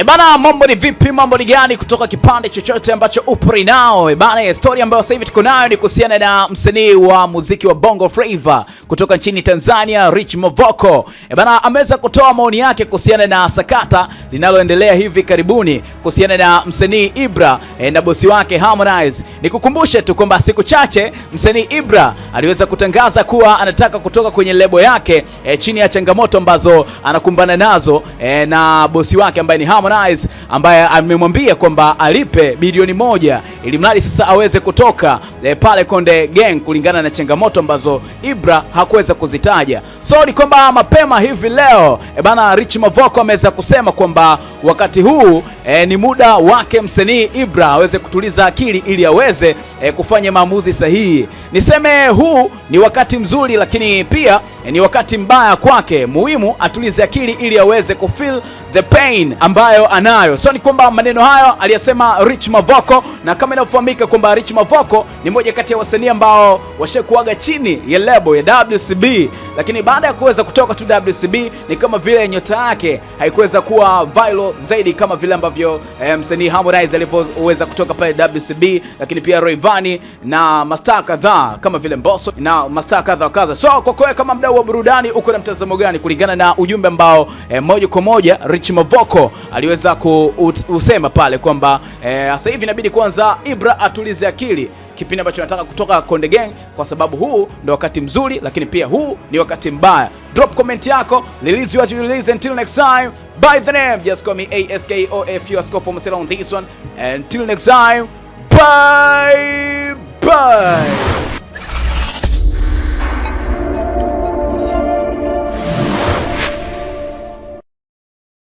Ebana, eh mambo ni vipi? Mambo ni gani kutoka kipande chochote ambacho upo nao? Ebana, eh eh, story ambayo sasa hivi tuko nayo ni kuhusiana na msanii wa muziki wa Bongo Flava kutoka nchini Tanzania, Rich Mavoko. Ebana, ameweza kutoa maoni yake kuhusiana na sakata linaloendelea hivi karibuni kuhusiana na msanii Ibra e, na bosi wake Harmonize. Nikukumbushe tu kwamba siku chache msanii Ibra aliweza kutangaza kuwa anataka kutoka kwenye lebo yake e, chini ya changamoto ambazo anakumbana nazo e, na bosi wake ambaye ni Harmonize Harmonize ambaye amemwambia kwamba alipe bilioni moja ili mradi sasa aweze kutoka e, pale Konde Gang kulingana na changamoto ambazo Ibra hakuweza kuzitaja. So ni kwamba mapema hivi leo e, bana Rich Mavoko ameweza kusema kwamba wakati huu e, ni muda wake msanii Ibra aweze kutuliza akili ili aweze e, kufanya maamuzi sahihi. Niseme huu ni wakati mzuri, lakini pia Eh, ni wakati mbaya kwake, muhimu atulize akili ili aweze kufeel the pain ambayo anayo. So ni kwamba maneno hayo aliyasema Rich Mavoko, na kama inavyofahamika kwamba Rich Mavoko ni moja kati ya wasanii ambao washakuaga chini ya lebo ya WCB lakini baada ya kuweza kutoka tu WCB ni kama vile nyota yake haikuweza kuwa viral zaidi kama vile ambavyo eh, msanii Harmonize alipoweza kutoka pale WCB, lakini pia Rayvanny na mastaa kadhaa kama vile Mbosso na mastaa kadhaa kadha. So kwa kweli kama mdau wa burudani uko na mtazamo gani kulingana na ujumbe ambao eh, moja kwa moja Rich Mavoko aliweza kusema pale kwamba eh, sasa hivi inabidi kwanza Ibra atulize akili kipindi ambacho nataka kutoka Konde Gang, kwa sababu huu ndio wakati mzuri, lakini pia huu ni wakati mbaya. Drop comment yako, release what you release. Until next time, by the name, just call me for Askofu on this one. Until next time, bye bye.